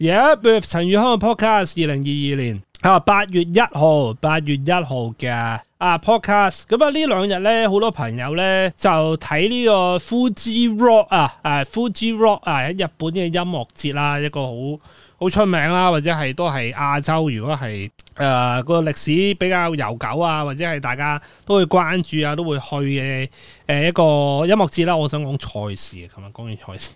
而家《yeah, with 陳宇康嘅 Podcast》，二零二二年啊八月一號，八月一號嘅啊 Podcast。咁啊呢兩日咧，好多朋友咧就睇呢個 Fuji Rock 啊，誒 Fuji Rock 啊，喺日本嘅音樂節啦，一個好好出名啦，或者係都係亞洲，如果係誒個歷史比較悠久啊，或者係大家都會關注啊，都會去嘅誒一個音樂節啦。我想講賽事嘅，琴日講完賽事。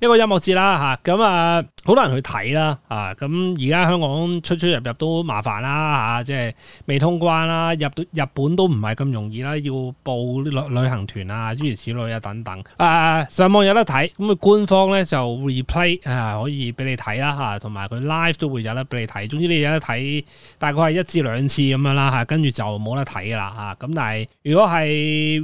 一個音樂節啦吓，咁啊好多人去睇啦啊，咁而家香港出出入入都麻煩啦吓，即係未通關啦，入到日本都唔係咁容易啦，要報旅旅行團啊，諸如此類啊等等啊，上網有得睇，咁、嗯、啊官方咧就 replay 啊可以俾你睇啦吓，同埋佢 live 都會有得俾你睇，總之你有得睇，大概係一至兩次咁樣啦吓、啊，跟住就冇得睇啦吓，咁、啊、但係如果係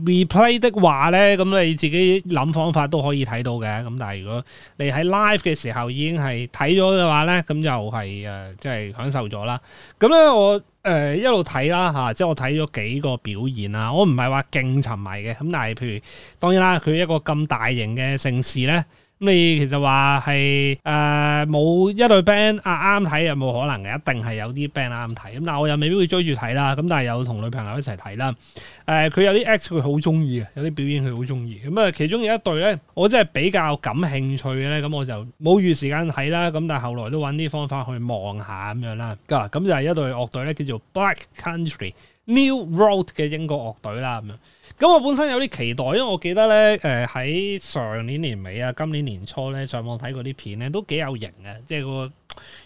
replay 的話咧，咁你自己諗方法都可以睇到嘅，咁、啊、但係。如果你喺 live 嘅時候已經係睇咗嘅話咧，咁就係誒，即係享受咗啦。咁咧我誒一路睇啦吓，即係我睇咗幾個表現啊。我唔係話勁沉迷嘅，咁但係譬如當然啦，佢一個咁大型嘅盛事咧。咁你其實話係誒冇一隊 band 啊啱睇又冇可能嘅，一定係有啲 band 啱睇。咁但係我又未必會追住睇啦。咁但係有同女朋友一齊睇啦。誒、呃，佢有啲 act 佢好中意嘅，有啲表演佢好中意。咁啊，其中有一隊咧，我真係比較感興趣嘅咧。咁我就冇預時間睇啦。咁但係後來都揾啲方法去望下咁樣啦。咁就係一隊樂隊咧，叫做 Black Country。New Road 嘅英國樂隊啦咁樣，咁、嗯、我本身有啲期待，因為我記得咧，誒喺上年年尾啊，今年年初咧上網睇過啲片咧，都幾有型嘅，即係個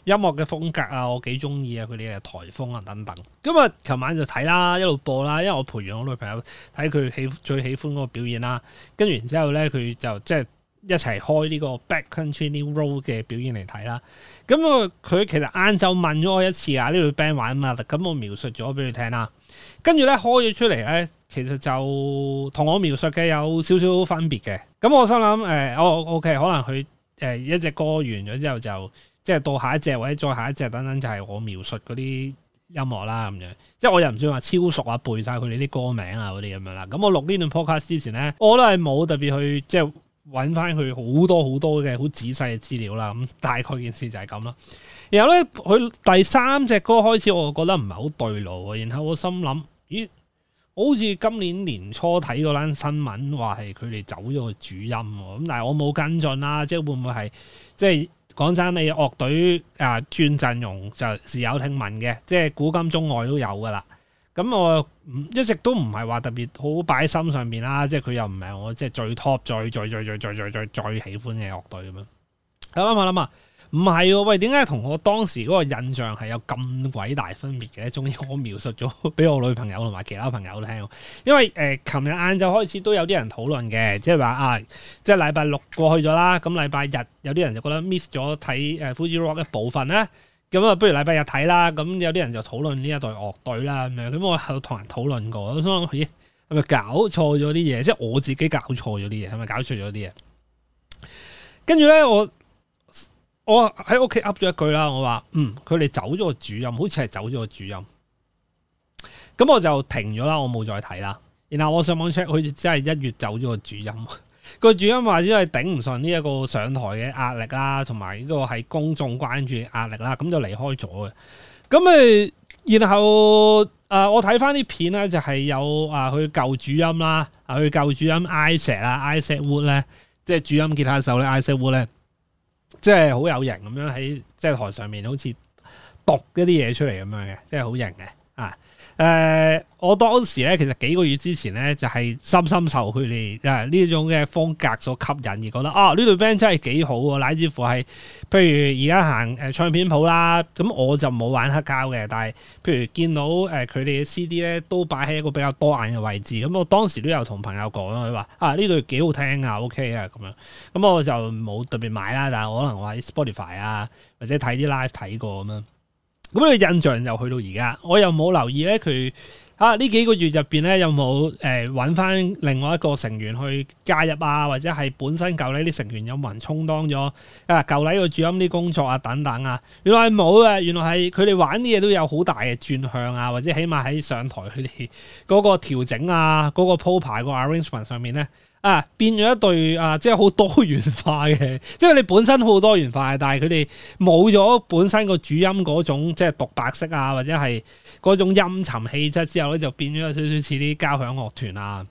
音樂嘅風格啊，我幾中意啊，佢哋嘅台風啊等等，咁、嗯、啊，琴晚就睇啦，一路播啦，因為我陪完我女朋友睇佢喜最喜歡嗰個表演啦，跟住然之後咧佢就即係。一齊開呢個 Back Country New Road 嘅表演嚟睇啦。咁啊，佢其實晏晝問咗我一次啊，呢度 band 玩啊嘛。咁我描述咗俾佢聽啦。跟住咧開咗出嚟咧，其實就同我描述嘅有少少分別嘅。咁我心諗誒，我 OK 可能佢誒一隻歌完咗之後就即係到下一隻或者再下一隻等等，就係我描述嗰啲音樂啦咁樣。即係我又唔算話超熟啊，背晒佢哋啲歌名啊嗰啲咁樣啦。咁我錄呢段 podcast 之前咧，我都係冇特別去即係。揾翻佢好多好多嘅好仔細嘅資料啦，咁大概件事就係咁咯。然後呢，佢第三隻歌開始，我覺得唔係好對路喎。然後我心諗，咦，好似今年年初睇嗰單新聞話係佢哋走咗個主音喎。咁但係我冇跟進啦，啊，即係會唔會係即係講真，你樂隊啊轉陣容就時有聽聞嘅，即係古今中外都有噶啦。咁我唔一直都唔係話特別好擺心上面啦，即係佢又唔係我即係最 top 最最最最最最最最喜歡嘅樂隊咁樣。我諗下諗下，唔係喎，喂，點解同我當時嗰個印象係有咁鬼大分別嘅？終於我描述咗俾我女朋友同埋其他朋友聽，因為誒，琴日晏晝開始都有啲人討論嘅，即係話啊，即係禮拜六過去咗啦，咁禮拜日有啲人就覺得 miss 咗睇誒《Fuji Rock》嘅部分咧。咁啊，不如禮拜日睇啦。咁有啲人就討論呢一隊樂隊啦，咁樣。咁我同人討論過，我想咦，係、欸、咪搞錯咗啲嘢？即係我自己搞錯咗啲嘢，係咪搞錯咗啲嘢？跟住咧，我我喺屋企噏咗一句啦，我話嗯，佢哋走咗個主音，好似係走咗個主音。咁我就停咗啦，我冇再睇啦。然後我上網 check，佢真係一月走咗個主音。個主音話因為頂唔順呢一個上台嘅壓力啦，同埋呢個係公眾關注壓力啦，咁就離開咗嘅。咁誒，然後誒、呃，我睇翻啲片咧，就係、是、有誒佢舊主音啦，啊佢舊主音 Isaac 啊 Isaac Wood 咧，即係主音結他手咧 Isaac Wood 咧，即係好有型咁樣喺即係台上面好似讀一啲嘢出嚟咁樣嘅，即係好型嘅。啊，誒、呃，我當時咧，其實幾個月之前咧，就係、是、深深受佢哋啊呢種嘅風格所吸引，而覺得啊呢對 band 真係幾好喎，乃至乎係譬如而家行誒、呃、唱片鋪啦，咁我就冇玩黑膠嘅，但係譬如見到誒佢哋嘅 CD 咧，都擺喺一個比較多眼嘅位置，咁我當時都有同朋友講，佢話啊呢對幾好聽啊，OK 啊咁樣，咁我就冇特別買啦，但係我可能話 Spotify 啊，或者睇啲 live 睇過咁樣。咁你印象又去到而家，我又冇留意咧，佢啊呢幾個月入邊咧有冇誒搵翻另外一個成員去加入啊，或者係本身舊禮啲成員有冇人充當咗啊舊禮個主音啲工作啊等等啊，原來係冇啊。原來係佢哋玩啲嘢都有好大嘅轉向啊，或者起碼喺上台佢哋嗰個調整啊，嗰個鋪排個 arrangement 上面咧。啊，變咗一對啊，即係好多元化嘅，即係你本身好多元化，但係佢哋冇咗本身個主音嗰種即係獨白色啊，或者係嗰種陰沉氣質之後咧，就變咗有少少似啲交響樂團啊。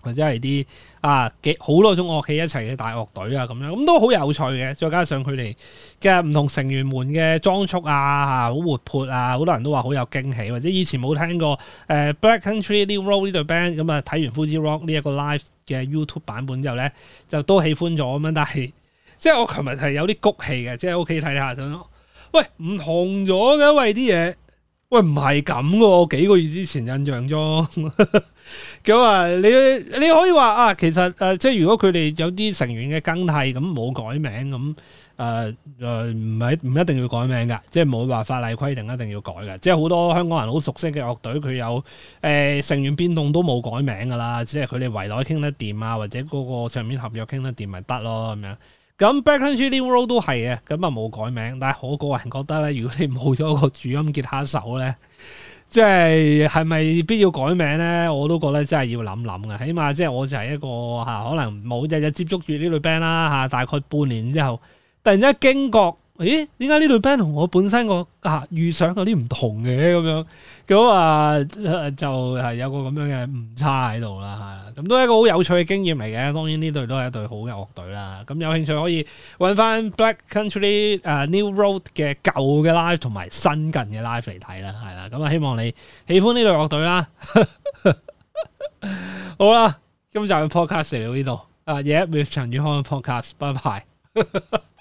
或者係啲啊幾好多種樂器一齊嘅大樂隊啊咁樣，咁都好有趣嘅。再加上佢哋嘅唔同成員們嘅裝束啊，嚇、啊、好活潑啊，好多人都話好有驚喜。或者以前冇聽過誒、呃、Black Country New Road 呢隊 band 咁啊，睇完 Fuji Rock 呢一個 live 嘅 YouTube 版本之後呢，就都喜歡咗咁樣。但係即係我琴日係有啲谷氣嘅，即係 OK，睇下喂唔同咗嘅，喂啲嘢。喂，唔係咁喎，我幾個月之前印象中，咁 啊，你你可以話啊，其實誒、呃，即係如果佢哋有啲成員嘅更替，咁冇改名咁，誒誒，唔係唔一定要改名㗎，即係冇話法例規定一定要改嘅，即係好多香港人好熟悉嘅樂隊，佢有誒、呃、成員變動都冇改名㗎啦，只係佢哋圍內傾得掂啊，或者嗰個上面合約傾得掂咪得咯咁樣。是咁 background music world 都係啊，咁啊冇改名，但係我個人覺得咧，如果你冇咗一個主音吉他手咧，即係係咪必要改名咧？我都覺得真係要諗諗嘅。起碼即係我就係一個嚇、啊，可能冇日日接觸住呢類 band 啦、啊、嚇，大概半年之後，突然之間驚覺。咦？點解呢隊 band 同我本身個啊預想有啲唔同嘅咁樣咁啊？就係有個咁樣嘅誤差喺度啦，嚇咁、嗯、都係一個好有趣嘅經驗嚟嘅。當然呢隊都係一隊好嘅樂隊啦。咁、嗯、有興趣可以揾翻 Black Country、uh, New Road 嘅舊嘅 live 同埋新近嘅 live 嚟睇啦，係啦。咁、嗯、啊，希望你喜歡呢隊樂隊啦。 好啦，今集嘅 Pod、uh, yeah, oh、podcast 嚟到呢度。啊，夜一 with 陳宇康嘅 podcast，拜拜。